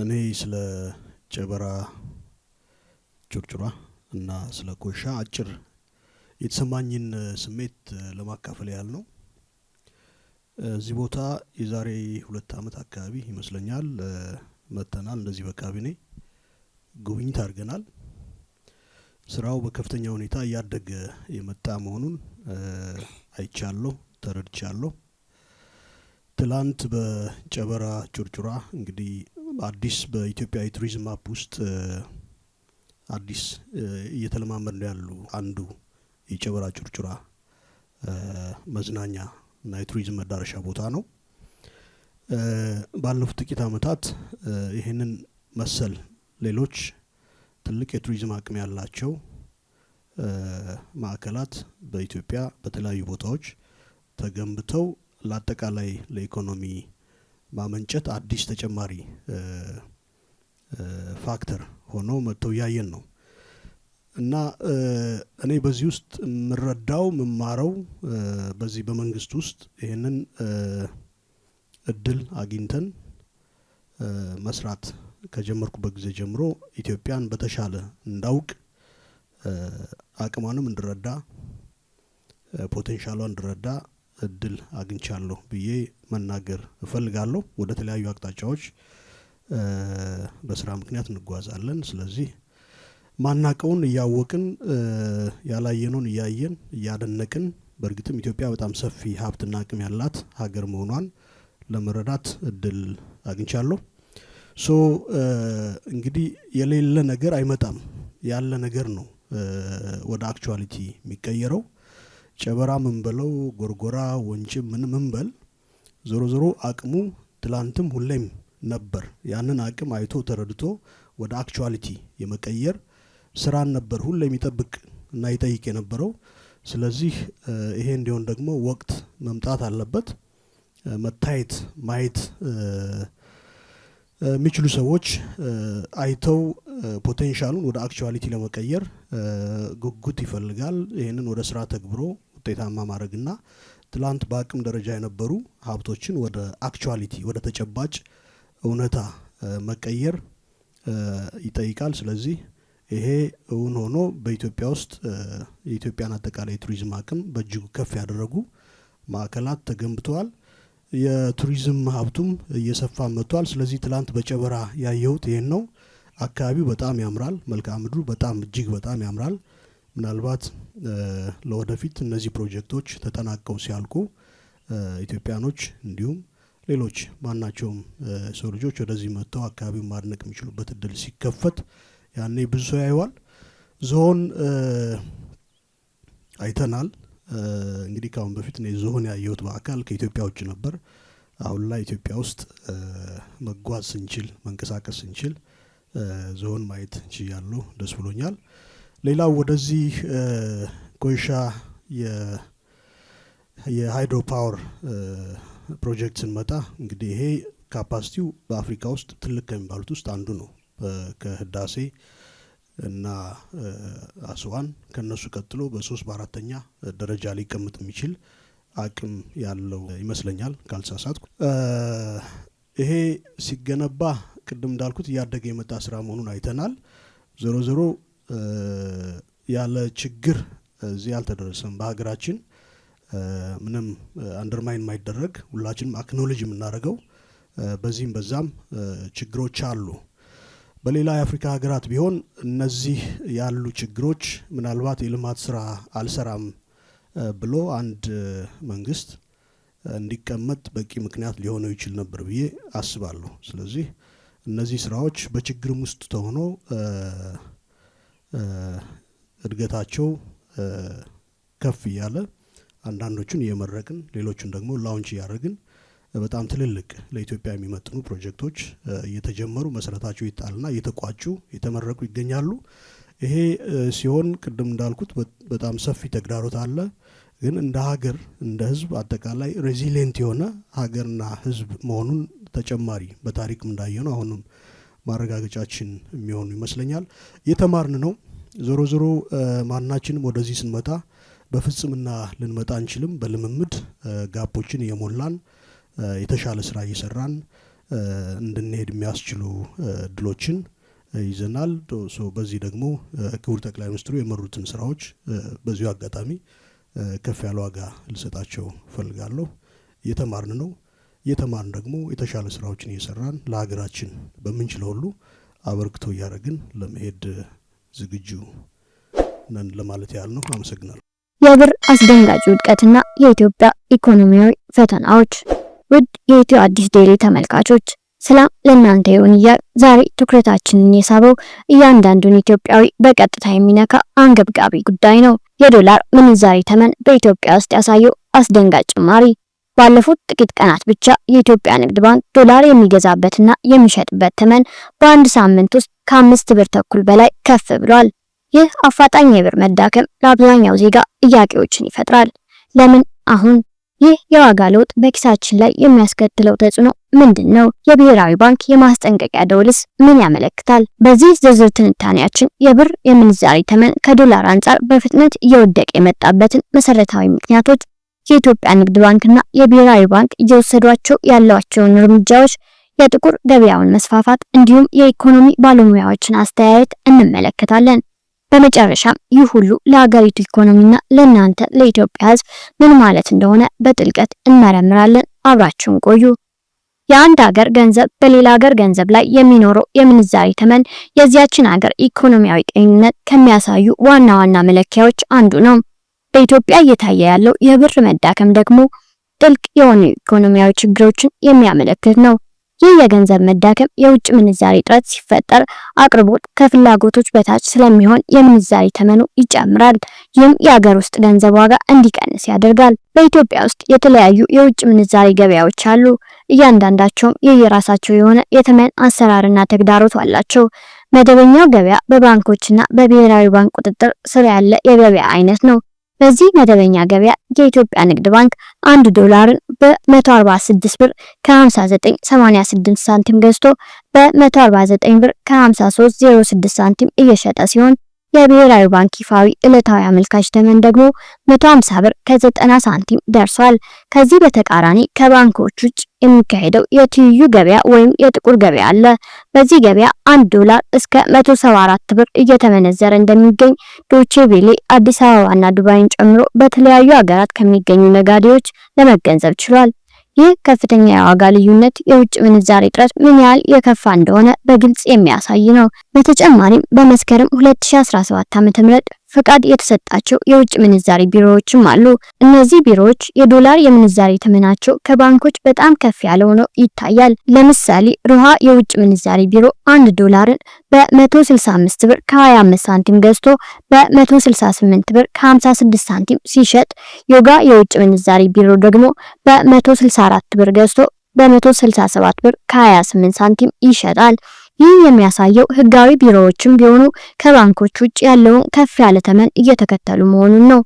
እኔ ስለ ጨበራ ጩርጩራ እና ስለ ኮሻ አጭር የተሰማኝን ስሜት ለማካፈል ያህል ነው። እዚህ ቦታ የዛሬ ሁለት አመት አካባቢ ይመስለኛል መጥተናል። እንደዚህ በካቢኔ ጉብኝት አድርገናል። ስራው በከፍተኛ ሁኔታ እያደገ የመጣ መሆኑን አይቻለሁ፣ ተረድቻለሁ። ትላንት በጨበራ ጩርጩራ እንግዲህ አዲስ በኢትዮጵያ የቱሪዝም ማፕ ውስጥ አዲስ እየተለማመድ ነው ያሉ አንዱ የጨበራ ጩርጩራ መዝናኛ እና የቱሪዝም መዳረሻ ቦታ ነው። ባለፉት ጥቂት ዓመታት ይህንን መሰል ሌሎች ትልቅ የቱሪዝም አቅም ያላቸው ማዕከላት በኢትዮጵያ በተለያዩ ቦታዎች ተገንብተው ለአጠቃላይ ለኢኮኖሚ ማመንጨት አዲስ ተጨማሪ ፋክተር ሆኖ መጥተው እያየን ነው እና እኔ በዚህ ውስጥ የምረዳው የምማረው በዚህ በመንግስት ውስጥ ይህንን እድል አግኝተን መስራት ከጀመርኩበት ጊዜ ጀምሮ ኢትዮጵያን በተሻለ እንዳውቅ አቅሟንም እንድረዳ ፖቴንሻሏ እንድረዳ እድል አግኝቻለሁ ብዬ መናገር እፈልጋለሁ። ወደ ተለያዩ አቅጣጫዎች በስራ ምክንያት እንጓዛለን። ስለዚህ ማናቀውን እያወቅን ያላየነውን እያየን እያደነቅን በእርግጥም ኢትዮጵያ በጣም ሰፊ ሀብትና አቅም ያላት ሀገር መሆኗን ለመረዳት እድል አግኝቻለሁ። ሶ እንግዲህ የሌለ ነገር አይመጣም ያለ ነገር ነው ወደ አክቹዋሊቲ የሚቀየረው ጨበራ ምንበለው ጎርጎራ ወንጭ ምን ምንበል ዞሮ ዞሮ አቅሙ ትላንትም ሁሌም ነበር። ያንን አቅም አይቶ ተረድቶ ወደ አክቹዋሊቲ የመቀየር ስራን ነበር ሁሌም ይጠብቅ እና ይጠይቅ የነበረው። ስለዚህ ይሄ እንዲሆን ደግሞ ወቅት መምጣት አለበት። መታየት ማየት የሚችሉ ሰዎች አይተው ፖቴንሻሉን ወደ አክቹዋሊቲ ለመቀየር ጉጉት ይፈልጋል። ይህንን ወደ ስራ ተግብሮ ውጤታማ ማድረግና ትላንት በአቅም ደረጃ የነበሩ ሀብቶችን ወደ አክቹዋሊቲ ወደ ተጨባጭ እውነታ መቀየር ይጠይቃል። ስለዚህ ይሄ እውን ሆኖ በኢትዮጵያ ውስጥ የኢትዮጵያን አጠቃላይ የቱሪዝም አቅም በእጅጉ ከፍ ያደረጉ ማዕከላት ተገንብተዋል። የቱሪዝም ሀብቱም እየሰፋ መጥቷል። ስለዚህ ትላንት በጨበራ ያየሁት ይህን ነው። አካባቢው በጣም ያምራል። መልክዓ ምድሩ በጣም እጅግ በጣም ያምራል። ምናልባት ለወደፊት እነዚህ ፕሮጀክቶች ተጠናቀው ሲያልቁ ኢትዮጵያኖች እንዲሁም ሌሎች ማናቸውም ሰው ልጆች ወደዚህ መጥተው አካባቢውን ማድነቅ የሚችሉበት እድል ሲከፈት ያኔ ብዙ ሰው ያይዋል። ዞን አይተናል። እንግዲህ ከአሁን በፊት እኔ ዞን ያየሁት በአካል ከኢትዮጵያ ውጭ ነበር። አሁን ላይ ኢትዮጵያ ውስጥ መጓዝ ስንችል መንቀሳቀስ ስንችል ዞን ማየት ችያለሁ። ደስ ብሎኛል። ሌላው ወደዚህ ኮይሻ የሃይድሮ ፓወር ፕሮጀክት ስንመጣ እንግዲህ ይሄ ካፓሲቲው በአፍሪካ ውስጥ ትልቅ ከሚባሉት ውስጥ አንዱ ነው። ከህዳሴ እና አስዋን ከነሱ ቀጥሎ በሶስት በአራተኛ ደረጃ ሊቀመጥ የሚችል አቅም ያለው ይመስለኛል ካልሳሳትኩ። ይሄ ሲገነባ ቅድም እንዳልኩት እያደገ የመጣ ስራ መሆኑን አይተናል። ዞሮ ዞሮ ያለ ችግር እዚህ አልተደረሰም። በሀገራችን ምንም አንደርማይን የማይደረግ ሁላችንም አክኖሎጅ የምናደርገው በዚህም በዛም ችግሮች አሉ። በሌላ የአፍሪካ ሀገራት ቢሆን እነዚህ ያሉ ችግሮች ምናልባት የልማት ስራ አልሰራም ብሎ አንድ መንግስት እንዲቀመጥ በቂ ምክንያት ሊሆነው ይችል ነበር ብዬ አስባለሁ። ስለዚህ እነዚህ ስራዎች በችግርም ውስጥ ተሆኖ እድገታቸው ከፍ እያለ አንዳንዶቹን እየመረቅን ሌሎቹን ደግሞ ላውንች እያደረግን በጣም ትልልቅ ለኢትዮጵያ የሚመጥኑ ፕሮጀክቶች እየተጀመሩ መሰረታቸው ይጣልና እየተቋጩ የተመረቁ ይገኛሉ። ይሄ ሲሆን ቅድም እንዳልኩት በጣም ሰፊ ተግዳሮት አለ። ግን እንደ ሀገር እንደ ህዝብ አጠቃላይ ሬዚሊየንት የሆነ ሀገርና ህዝብ መሆኑን ተጨማሪ በታሪክም እንዳየ ነው አሁንም ማረጋገጫችን የሚሆኑ ይመስለኛል። የተማርን ነው። ዞሮ ዞሮ ማናችንም ወደዚህ ስንመጣ በፍጽምና ልንመጣ አንችልም። በልምምድ ጋፖችን እየሞላን የተሻለ ስራ እየሰራን እንድንሄድ የሚያስችሉ እድሎችን ይዘናል። በዚህ ደግሞ ክቡር ጠቅላይ ሚኒስትሩ የመሩትን ስራዎች በዚሁ አጋጣሚ ከፍ ያለ ዋጋ ልሰጣቸው እፈልጋለሁ። የተማርን ነው። እየተማርን ደግሞ የተሻለ ስራዎችን እየሰራን ለሀገራችን በምንችለው ሁሉ አበርክቶ እያደረግን ለመሄድ ዝግጁ ነን ለማለት ያህል ነው። አመሰግናለሁ። የብር አስደንጋጭ ውድቀትና የኢትዮጵያ ኢኮኖሚያዊ ፈተናዎች። ውድ የኢትዮ አዲስ ዴይሊ ተመልካቾች ሰላም ለእናንተ ይሁን እያ ዛሬ ትኩረታችንን የሳበው እያንዳንዱን ኢትዮጵያዊ በቀጥታ የሚነካ አንገብጋቢ ጉዳይ ነው። የዶላር ምንዛሬ ተመን በኢትዮጵያ ውስጥ ያሳየው አስደንጋጭ ጭማሪ ባለፉት ጥቂት ቀናት ብቻ የኢትዮጵያ ንግድ ባንክ ዶላር የሚገዛበትና የሚሸጥበት ተመን በአንድ ሳምንት ውስጥ ከአምስት ብር ተኩል በላይ ከፍ ብሏል። ይህ አፋጣኝ የብር መዳከም ለአብዛኛው ዜጋ ጥያቄዎችን ይፈጥራል። ለምን አሁን? ይህ የዋጋ ለውጥ በኪሳችን ላይ የሚያስከትለው ተጽዕኖ ምንድን ነው? የብሔራዊ ባንክ የማስጠንቀቂያ ደውልስ ምን ያመለክታል? በዚህ ዝርዝር ትንታኔያችን የብር የምንዛሪ ተመን ከዶላር አንጻር በፍጥነት እየወደቀ የመጣበትን መሰረታዊ ምክንያቶች የኢትዮጵያ ንግድ ባንክና የብሔራዊ ባንክ እየወሰዷቸው ያሏቸውን እርምጃዎች፣ የጥቁር ገበያውን መስፋፋት እንዲሁም የኢኮኖሚ ባለሙያዎችን አስተያየት እንመለከታለን። በመጨረሻም ይህ ሁሉ ለሀገሪቱ ኢኮኖሚና ለእናንተ ለኢትዮጵያ ሕዝብ ምን ማለት እንደሆነ በጥልቀት እንመረምራለን። አብራችሁን ቆዩ። የአንድ ሀገር ገንዘብ በሌላ ሀገር ገንዘብ ላይ የሚኖረው የምንዛሪ ተመን የዚያችን ሀገር ኢኮኖሚያዊ ጤንነት ከሚያሳዩ ዋና ዋና መለኪያዎች አንዱ ነው። በኢትዮጵያ እየታየ ያለው የብር መዳከም ደግሞ ጥልቅ የሆኑ ኢኮኖሚያዊ ችግሮችን የሚያመለክት ነው። ይህ የገንዘብ መዳከም የውጭ ምንዛሪ እጥረት ሲፈጠር አቅርቦት ከፍላጎቶች በታች ስለሚሆን የምንዛሪ ተመኑ ይጨምራል። ይህም የሀገር ውስጥ ገንዘብ ዋጋ እንዲቀንስ ያደርጋል። በኢትዮጵያ ውስጥ የተለያዩ የውጭ ምንዛሪ ገበያዎች አሉ። እያንዳንዳቸውም የየራሳቸው የሆነ የተመን አሰራርና ተግዳሮት አላቸው። መደበኛው ገበያ በባንኮችና በብሔራዊ ባንክ ቁጥጥር ስር ያለ የገበያ አይነት ነው። በዚህ መደበኛ ገበያ የኢትዮጵያ ንግድ ባንክ አንድ ዶላርን በ146 ብር ከ5986 ሳንቲም ገዝቶ በ149 ብር ከ5306 ሳንቲም እየሸጠ ሲሆን የብሔራዊ ባንክ ይፋዊ ዕለታዊ አመልካች ተመን ደግሞ 150 ብር ከ90 ሳንቲም ደርሷል። ከዚህ በተቃራኒ ከባንኮች ውጭ የሚካሄደው የትይዩ ገበያ ወይም የጥቁር ገበያ አለ። በዚህ ገበያ 1 ዶላር እስከ 174 ብር እየተመነዘረ እንደሚገኝ ዶቼ ቬሌ አዲስ አበባና ዱባይን ጨምሮ በተለያዩ ሀገራት ከሚገኙ ነጋዴዎች ለመገንዘብ ችሏል። ይህ ከፍተኛ የዋጋ ልዩነት የውጭ ምንዛሬ እጥረት ምን ያህል የከፋ እንደሆነ በግልጽ የሚያሳይ ነው። በተጨማሪም በመስከረም 2017 ዓ.ም ፈቃድ የተሰጣቸው የውጭ ምንዛሬ ቢሮዎችም አሉ። እነዚህ ቢሮዎች የዶላር የምንዛሬ ተመናቸው ከባንኮች በጣም ከፍ ያለ ሆኖ ይታያል። ለምሳሌ ሩሃ የውጭ ምንዛሪ ቢሮ አንድ ዶላርን በ165 ብር ከ25 ሳንቲም ገዝቶ በ168 ብር ከ56 ሳንቲም ሲሸጥ፣ ዮጋ የውጭ ምንዛሬ ቢሮ ደግሞ በ164 ብር ገዝቶ በ167 ብር ከ28 ሳንቲም ይሸጣል። ይህ የሚያሳየው ህጋዊ ቢሮዎችም ቢሆኑ ከባንኮች ውጭ ያለውን ከፍ ያለ ተመን እየተከተሉ መሆኑን ነው።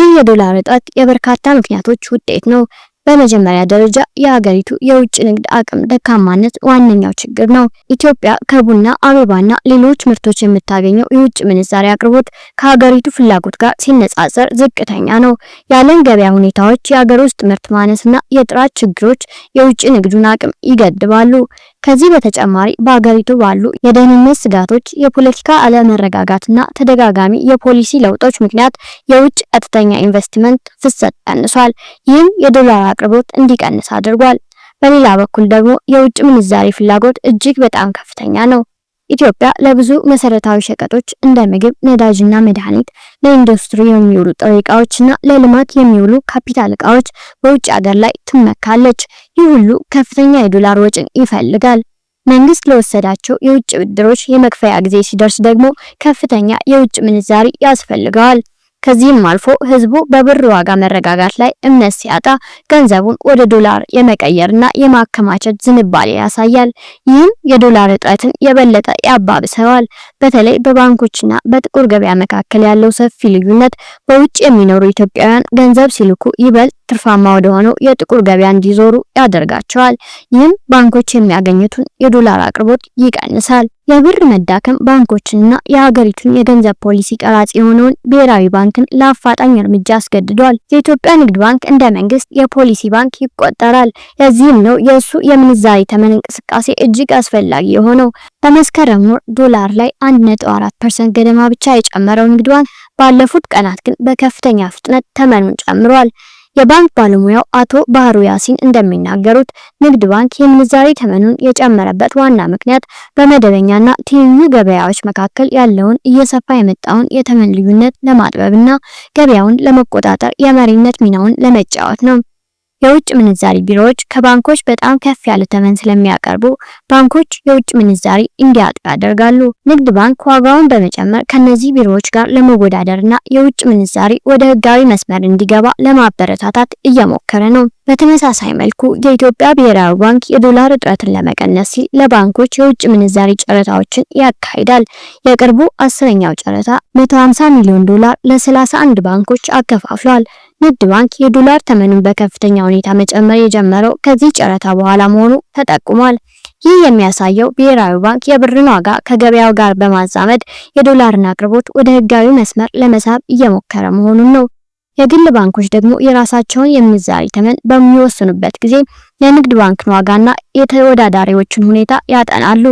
ይህ የዶላር እጥረት የበርካታ ምክንያቶች ውጤት ነው። በመጀመሪያ ደረጃ የሀገሪቱ የውጭ ንግድ አቅም ደካማነት ዋነኛው ችግር ነው። ኢትዮጵያ ከቡና፣ አበባና ሌሎች ምርቶች የምታገኘው የውጭ ምንዛሪ አቅርቦት ከሀገሪቱ ፍላጎት ጋር ሲነጻጸር ዝቅተኛ ነው። የዓለም ገበያ ሁኔታዎች፣ የሀገር ውስጥ ምርት ማነስና የጥራት ችግሮች የውጭ ንግዱን አቅም ይገድባሉ። ከዚህ በተጨማሪ በአገሪቱ ባሉ የደህንነት ስጋቶች፣ የፖለቲካ አለመረጋጋትና ተደጋጋሚ የፖሊሲ ለውጦች ምክንያት የውጭ ቀጥተኛ ኢንቨስትመንት ፍሰት ቀንሷል። ይህም የዶላር አቅርቦት እንዲቀንስ አድርጓል። በሌላ በኩል ደግሞ የውጭ ምንዛሬ ፍላጎት እጅግ በጣም ከፍተኛ ነው። ኢትዮጵያ ለብዙ መሰረታዊ ሸቀጦች እንደ ምግብ፣ ነዳጅና መድኃኒት፣ ለኢንዱስትሪ የሚውሉ ጥሬ ዕቃዎችና ለልማት የሚውሉ ካፒታል እቃዎች በውጭ ሀገር ላይ ትመካለች። ይህ ሁሉ ከፍተኛ የዶላር ወጪን ይፈልጋል። መንግስት ለወሰዳቸው የውጭ ብድሮች የመክፈያ ጊዜ ሲደርስ ደግሞ ከፍተኛ የውጭ ምንዛሪ ያስፈልገዋል። ከዚህም አልፎ ህዝቡ በብር ዋጋ መረጋጋት ላይ እምነት ሲያጣ ገንዘቡን ወደ ዶላር የመቀየርና የማከማቸት ዝንባሌ ያሳያል። ይህም የዶላር እጥረትን የበለጠ ያባብሰዋል። በተለይ በባንኮችና በጥቁር ገበያ መካከል ያለው ሰፊ ልዩነት በውጭ የሚኖሩ ኢትዮጵያውያን ገንዘብ ሲልኩ ይበልጥ ትርፋማ ወደሆነው የጥቁር ገበያ እንዲዞሩ ያደርጋቸዋል። ይህም ባንኮች የሚያገኙትን የዶላር አቅርቦት ይቀንሳል። የብር መዳከም ባንኮችንና የሀገሪቱን የገንዘብ ፖሊሲ ቀራጽ የሆነውን ብሔራዊ ባንክን ለአፋጣኝ እርምጃ አስገድዷል። የኢትዮጵያ ንግድ ባንክ እንደ መንግስት የፖሊሲ ባንክ ይቆጠራል። ለዚህም ነው የእሱ የምንዛሪ ተመን እንቅስቃሴ እጅግ አስፈላጊ የሆነው። በመስከረም ወር ዶላር ላይ 1.4% ገደማ ብቻ የጨመረው ንግድ ባንክ ባለፉት ቀናት ግን በከፍተኛ ፍጥነት ተመኑን ጨምሯል። የባንክ ባለሙያው አቶ ባህሩ ያሲን እንደሚናገሩት ንግድ ባንክ የምንዛሬ ተመኑን የጨመረበት ዋና ምክንያት በመደበኛና ትይዩ ገበያዎች መካከል ያለውን እየሰፋ የመጣውን የተመን ልዩነት ለማጥበብና ገበያውን ለመቆጣጠር የመሪነት ሚናውን ለመጫወት ነው። የውጭ ምንዛሪ ቢሮዎች ከባንኮች በጣም ከፍ ያለ ተመን ስለሚያቀርቡ ባንኮች የውጭ ምንዛሪ እንዲያጡ ያደርጋሉ። ንግድ ባንክ ዋጋውን በመጨመር ከነዚህ ቢሮዎች ጋር ለመወዳደርና የውጭ ምንዛሪ ወደ ህጋዊ መስመር እንዲገባ ለማበረታታት እየሞከረ ነው። በተመሳሳይ መልኩ የኢትዮጵያ ብሔራዊ ባንክ የዶላር እጥረትን ለመቀነስ ሲል ለባንኮች የውጭ ምንዛሪ ጨረታዎችን ያካሂዳል። የቅርቡ አስረኛው ጨረታ 150 ሚሊዮን ዶላር ለ31 ባንኮች አከፋፍሏል። ንግድ ባንክ የዶላር ተመኑን በከፍተኛ ሁኔታ መጨመር የጀመረው ከዚህ ጨረታ በኋላ መሆኑ ተጠቁሟል። ይህ የሚያሳየው ብሔራዊ ባንክ የብርን ዋጋ ከገበያው ጋር በማዛመድ የዶላርን አቅርቦት ወደ ሕጋዊ መስመር ለመሳብ እየሞከረ መሆኑን ነው። የግል ባንኮች ደግሞ የራሳቸውን የምንዛሪ ተመን በሚወስኑበት ጊዜ የንግድ ባንክን ዋጋና የተወዳዳሪዎችን ሁኔታ ያጠናሉ።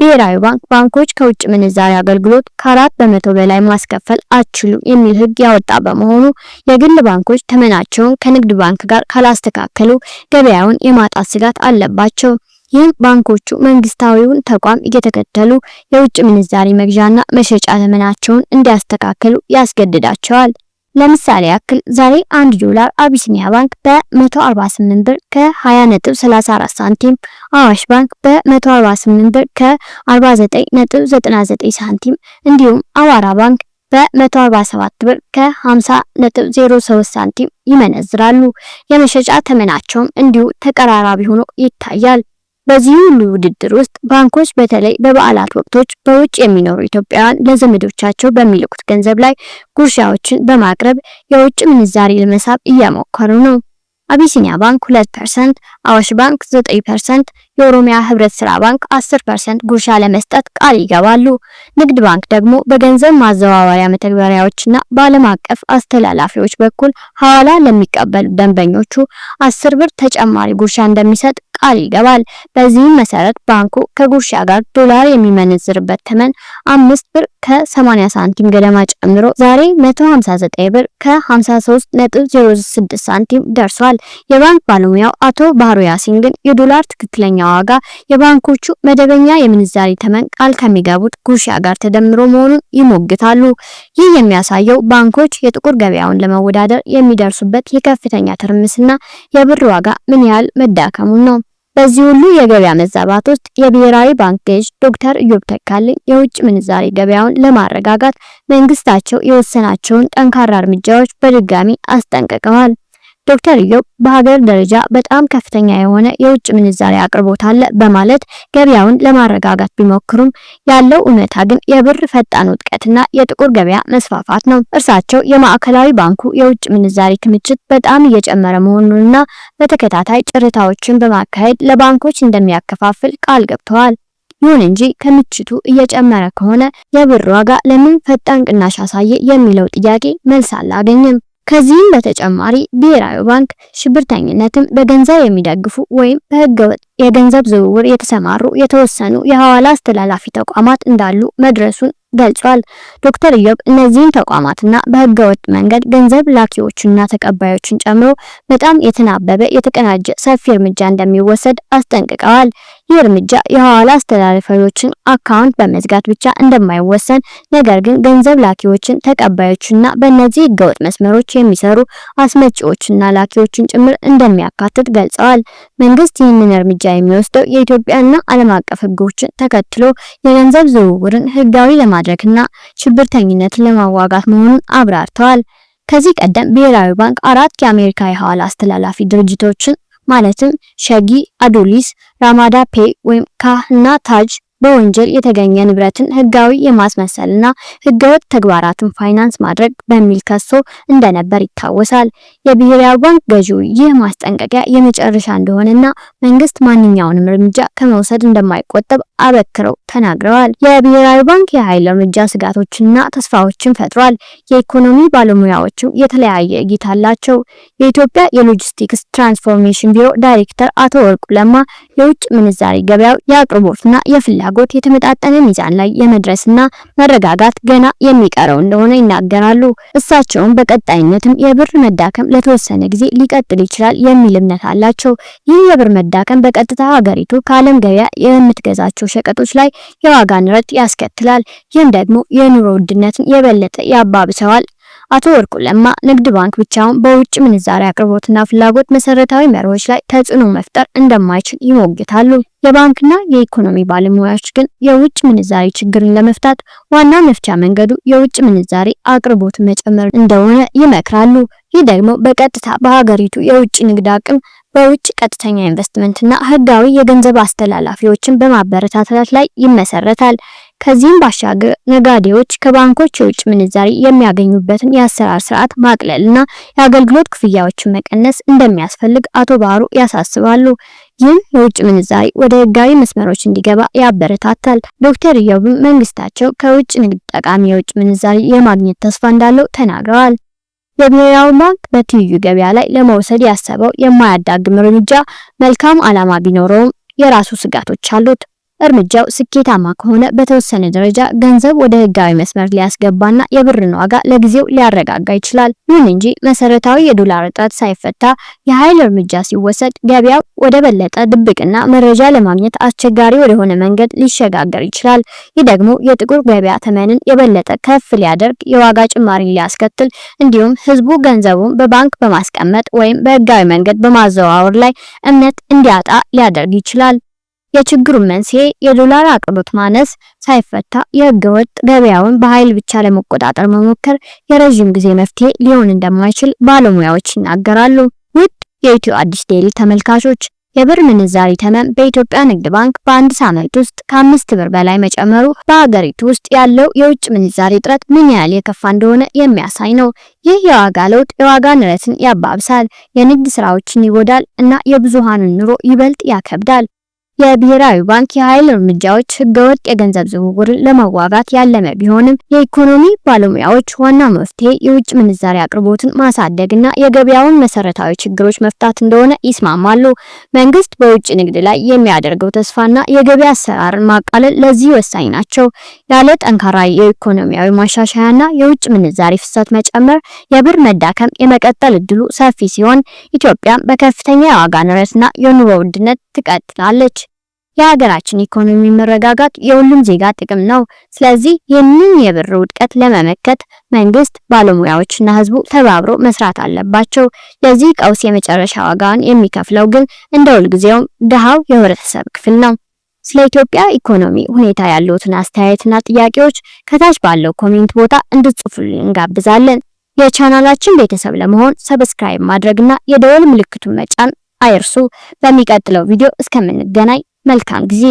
ብሔራዊ ባንክ ባንኮች ከውጭ ምንዛሪ አገልግሎት ከአራት በመቶ በላይ ማስከፈል አችሉ የሚል ሕግ ያወጣ በመሆኑ የግል ባንኮች ተመናቸውን ከንግድ ባንክ ጋር ካላስተካከሉ ገበያውን የማጣት ስጋት አለባቸው። ይህም ባንኮቹ መንግስታዊውን ተቋም እየተከተሉ የውጭ ምንዛሪ መግዣና መሸጫ ተመናቸውን እንዲያስተካክሉ ያስገድዳቸዋል። ለምሳሌ ያክል ዛሬ 1 ዶላር አቢሲኒያ ባንክ በ148 ብር ከ20.34 ሳንቲም፣ አዋሽ ባንክ በ148 ብር ከ49.99 ሳንቲም እንዲሁም አዋራ ባንክ በ147 ብር ከ50.03 ሳንቲም ይመነዝራሉ። የመሸጫ ተመናቸውም እንዲሁ ተቀራራቢ ሆኖ ይታያል። በዚህ ሁሉ ውድድር ውስጥ ባንኮች በተለይ በበዓላት ወቅቶች በውጭ የሚኖሩ ኢትዮጵያውያን ለዘመዶቻቸው በሚልኩት ገንዘብ ላይ ጉርሻዎችን በማቅረብ የውጭ ምንዛሪ ለመሳብ እየሞከሩ ነው። አቢሲኒያ ባንክ 2%፣ አዋሽ ባንክ 9%፣ የኦሮሚያ ህብረት ስራ ባንክ 10% ጉርሻ ለመስጠት ቃል ይገባሉ። ንግድ ባንክ ደግሞ በገንዘብ ማዘዋወሪያ መተግበሪያዎችና በዓለም አቀፍ አስተላላፊዎች በኩል ሐዋላ ለሚቀበሉ ደንበኞቹ 10 ብር ተጨማሪ ጉርሻ እንደሚሰጥ ቃል ይገባል። በዚህም መሰረት ባንኩ ከጉርሻ ጋር ዶላር የሚመነዝርበት ተመን አምስት ብር ከ80 ሳንቲም ገደማ ጨምሮ ዛሬ 159 ብር ከ 5306 ሳንቲም ደርሷል። የባንክ ባለሙያው አቶ ባህሩ ያሲን ግን የዶላር ትክክለኛ ዋጋ የባንኮቹ መደበኛ የምንዛሪ ተመን ቃል ከሚገቡት ጉርሻ ጋር ተደምሮ መሆኑን ይሞግታሉ። ይህ የሚያሳየው ባንኮች የጥቁር ገበያውን ለመወዳደር የሚደርሱበት የከፍተኛ ትርምስና የብር ዋጋ ምን ያህል መዳከሙን ነው። በዚህ ሁሉ የገበያ መዛባት ውስጥ የብሔራዊ ባንክ ገዥ ዶክተር ኢዮብ ተካልኝ የውጭ ምንዛሬ ገበያውን ለማረጋጋት መንግስታቸው የወሰናቸውን ጠንካራ እርምጃዎች በድጋሚ አስጠንቅቀዋል። ዶክተር ኢዮብ በሀገር ደረጃ በጣም ከፍተኛ የሆነ የውጭ ምንዛሬ አቅርቦት አለ በማለት ገበያውን ለማረጋጋት ቢሞክሩም ያለው እውነታ ግን የብር ፈጣን ውጥቀትና የጥቁር ገበያ መስፋፋት ነው። እርሳቸው የማዕከላዊ ባንኩ የውጭ ምንዛሬ ክምችት በጣም እየጨመረ መሆኑንና በተከታታይ ጭርታዎችን በማካሄድ ለባንኮች እንደሚያከፋፍል ቃል ገብተዋል። ይሁን እንጂ ክምችቱ እየጨመረ ከሆነ የብር ዋጋ ለምን ፈጣን ቅናሽ አሳየ የሚለው ጥያቄ መልስ አላገኘም። ከዚህም በተጨማሪ ብሔራዊ ባንክ ሽብርተኝነትን በገንዘብ የሚደግፉ ወይም በህገወጥ የገንዘብ ዝውውር የተሰማሩ የተወሰኑ የሐዋላ አስተላላፊ ተቋማት እንዳሉ መድረሱን ገልጿል። ዶክተር ኢዮብ እነዚህን ተቋማትና በህገወጥ መንገድ ገንዘብ ላኪዎችና ተቀባዮችን ጨምሮ በጣም የተናበበ የተቀናጀ ሰፊ እርምጃ እንደሚወሰድ አስጠንቅቀዋል። ይህ እርምጃ የሐዋላ አስተላለፊዎችን አካውንት በመዝጋት ብቻ እንደማይወሰን ነገር ግን ገንዘብ ላኪዎችን፣ ተቀባዮችና በእነዚህ ህገወጥ መስመሮች የሚሰሩ አስመጪዎችና ላኪዎችን ጭምር እንደሚያካትት ገልጸዋል። መንግስት ይህንን እርምጃ የሚወስደው የኢትዮጵያና ዓለም አቀፍ ህጎችን ተከትሎ የገንዘብ ዝውውርን ህጋዊ ለማድረግና ሽብርተኝነትን ለማዋጋት መሆኑን አብራርተዋል። ከዚህ ቀደም ብሔራዊ ባንክ አራት የአሜሪካ የሐዋላ አስተላላፊ ድርጅቶችን ማለትም ሸጊ፣ አዱሊስ፣ ራማዳ ፔ ወይም ካህና ታጅ በወንጀል የተገኘ ንብረትን ህጋዊ የማስመሰልና ህገወጥ ተግባራትን ፋይናንስ ማድረግ በሚል ከሶ እንደነበር ይታወሳል። የብሔራዊ ባንክ ገዢው ይህ ማስጠንቀቂያ የመጨረሻ እንደሆነና መንግስት ማንኛውንም እርምጃ ከመውሰድ እንደማይቆጠብ አበክረው ተናግረዋል። የብሔራዊ ባንክ የኃይል እርምጃ ስጋቶችንና ተስፋዎችን ፈጥሯል። የኢኮኖሚ ባለሙያዎችም የተለያየ እይታ አላቸው። የኢትዮጵያ የሎጂስቲክስ ትራንስፎርሜሽን ቢሮ ዳይሬክተር አቶ ወርቁ ለማ የውጭ ምንዛሪ ገበያው የአቅርቦትና የፍላ ፍላጎት የተመጣጠነ ሚዛን ላይ የመድረስና መረጋጋት ገና የሚቀረው እንደሆነ ይናገራሉ። እሳቸውም በቀጣይነትም የብር መዳከም ለተወሰነ ጊዜ ሊቀጥል ይችላል የሚል እምነት አላቸው። ይህ የብር መዳከም በቀጥታ ሀገሪቱ ከዓለም ገበያ የምትገዛቸው ሸቀጦች ላይ የዋጋ ንረት ያስከትላል። ይህም ደግሞ የኑሮ ውድነትን የበለጠ ያባብሰዋል አቶ ወርቁ ለማ ንግድ ባንክ ብቻውን በውጭ ምንዛሬ አቅርቦትና ፍላጎት መሰረታዊ መርሆች ላይ ተጽዕኖ መፍጠር እንደማይችል ይሞግታሉ። የባንክና የኢኮኖሚ ባለሙያዎች ግን የውጭ ምንዛሬ ችግርን ለመፍታት ዋና መፍቻ መንገዱ የውጭ ምንዛሬ አቅርቦት መጨመር እንደሆነ ይመክራሉ። ይህ ደግሞ በቀጥታ በሀገሪቱ የውጭ ንግድ አቅም በውጭ ቀጥተኛ ኢንቨስትመንትና ህጋዊ የገንዘብ አስተላላፊዎችን በማበረታታት ላይ ይመሰረታል። ከዚህም ባሻገር ነጋዴዎች ከባንኮች የውጭ ምንዛሪ የሚያገኙበትን የአሰራር ስርዓት ማቅለልና የአገልግሎት ክፍያዎችን መቀነስ እንደሚያስፈልግ አቶ ባህሩ ያሳስባሉ። ይህም የውጭ ምንዛሪ ወደ ህጋዊ መስመሮች እንዲገባ ያበረታታል። ዶክተር ኢዮብም መንግስታቸው ከውጭ ንግድ ጠቃሚ የውጭ ምንዛሪ የማግኘት ተስፋ እንዳለው ተናግረዋል። የብሔራዊ ባንክ በትይዩ ገበያ ላይ ለመውሰድ ያሰበው የማያዳግም እርምጃ መልካም ዓላማ ቢኖረውም የራሱ ስጋቶች አሉት። እርምጃው ስኬታማ ከሆነ በተወሰነ ደረጃ ገንዘብ ወደ ህጋዊ መስመር ሊያስገባና የብርን ዋጋ ለጊዜው ሊያረጋጋ ይችላል። ይሁን እንጂ መሰረታዊ የዶላር እጥረት ሳይፈታ የኃይል እርምጃ ሲወሰድ ገበያው ወደ በለጠ ድብቅና መረጃ ለማግኘት አስቸጋሪ ወደሆነ መንገድ ሊሸጋገር ይችላል። ይህ ደግሞ የጥቁር ገበያ ተመንን የበለጠ ከፍ ሊያደርግ፣ የዋጋ ጭማሪ ሊያስከትል እንዲሁም ህዝቡ ገንዘቡን በባንክ በማስቀመጥ ወይም በህጋዊ መንገድ በማዘዋወር ላይ እምነት እንዲያጣ ሊያደርግ ይችላል። የችግሩ መንስኤ የዶላር አቅርቦት ማነስ ሳይፈታ የህገወጥ ገበያውን በኃይል ብቻ ለመቆጣጠር መሞከር የረዥም ጊዜ መፍትሄ ሊሆን እንደማይችል ባለሙያዎች ይናገራሉ። ውድ የኢትዮ አዲስ ዴይሊ ተመልካቾች የብር ምንዛሪ ተመን በኢትዮጵያ ንግድ ባንክ በአንድ ሳምንት ውስጥ ከአምስት ብር በላይ መጨመሩ በሀገሪቱ ውስጥ ያለው የውጭ ምንዛሪ እጥረት ምን ያህል የከፋ እንደሆነ የሚያሳይ ነው። ይህ የዋጋ ለውጥ የዋጋ ንረትን ያባብሳል፣ የንግድ ስራዎችን ይጎዳል እና የብዙሃንን ኑሮ ይበልጥ ያከብዳል። የብሔራዊ ባንክ የኃይል እርምጃዎች ህገወጥ የገንዘብ ዝውውር ለመዋጋት ያለመ ቢሆንም የኢኮኖሚ ባለሙያዎች ዋናው መፍትሄ የውጭ ምንዛሪ አቅርቦትን ማሳደግና የገበያውን መሰረታዊ ችግሮች መፍታት እንደሆነ ይስማማሉ። መንግስት በውጭ ንግድ ላይ የሚያደርገው ተስፋና የገበያ አሰራርን ማቃለል ለዚህ ወሳኝ ናቸው። ያለ ጠንካራ የኢኮኖሚያዊ ማሻሻያና የውጭ ምንዛሪ ፍሰት መጨመር የብር መዳከም የመቀጠል እድሉ ሰፊ ሲሆን ኢትዮጵያም በከፍተኛ የዋጋ ንረትና የኑሮ ውድነት ትቀጥላለች። የሀገራችን ኢኮኖሚ መረጋጋት የሁሉም ዜጋ ጥቅም ነው። ስለዚህ ይህንን የብር ውድቀት ለመመከት መንግስት፣ ባለሙያዎችና ህዝቡ ተባብሮ መስራት አለባቸው። ለዚህ ቀውስ የመጨረሻ ዋጋን የሚከፍለው ግን እንደ ሁልጊዜውም ድሃው የህብረተሰብ ክፍል ነው። ስለ ኢትዮጵያ ኢኮኖሚ ሁኔታ ያለዎትን አስተያየትና ጥያቄዎች ከታች ባለው ኮሜንት ቦታ እንድትጽፉልን እንጋብዛለን። የቻናላችን ቤተሰብ ለመሆን ሰብስክራይብ ማድረግና የደወል ምልክቱን መጫን አይርሱ። በሚቀጥለው ቪዲዮ እስከምንገናኝ መልካም ጊዜ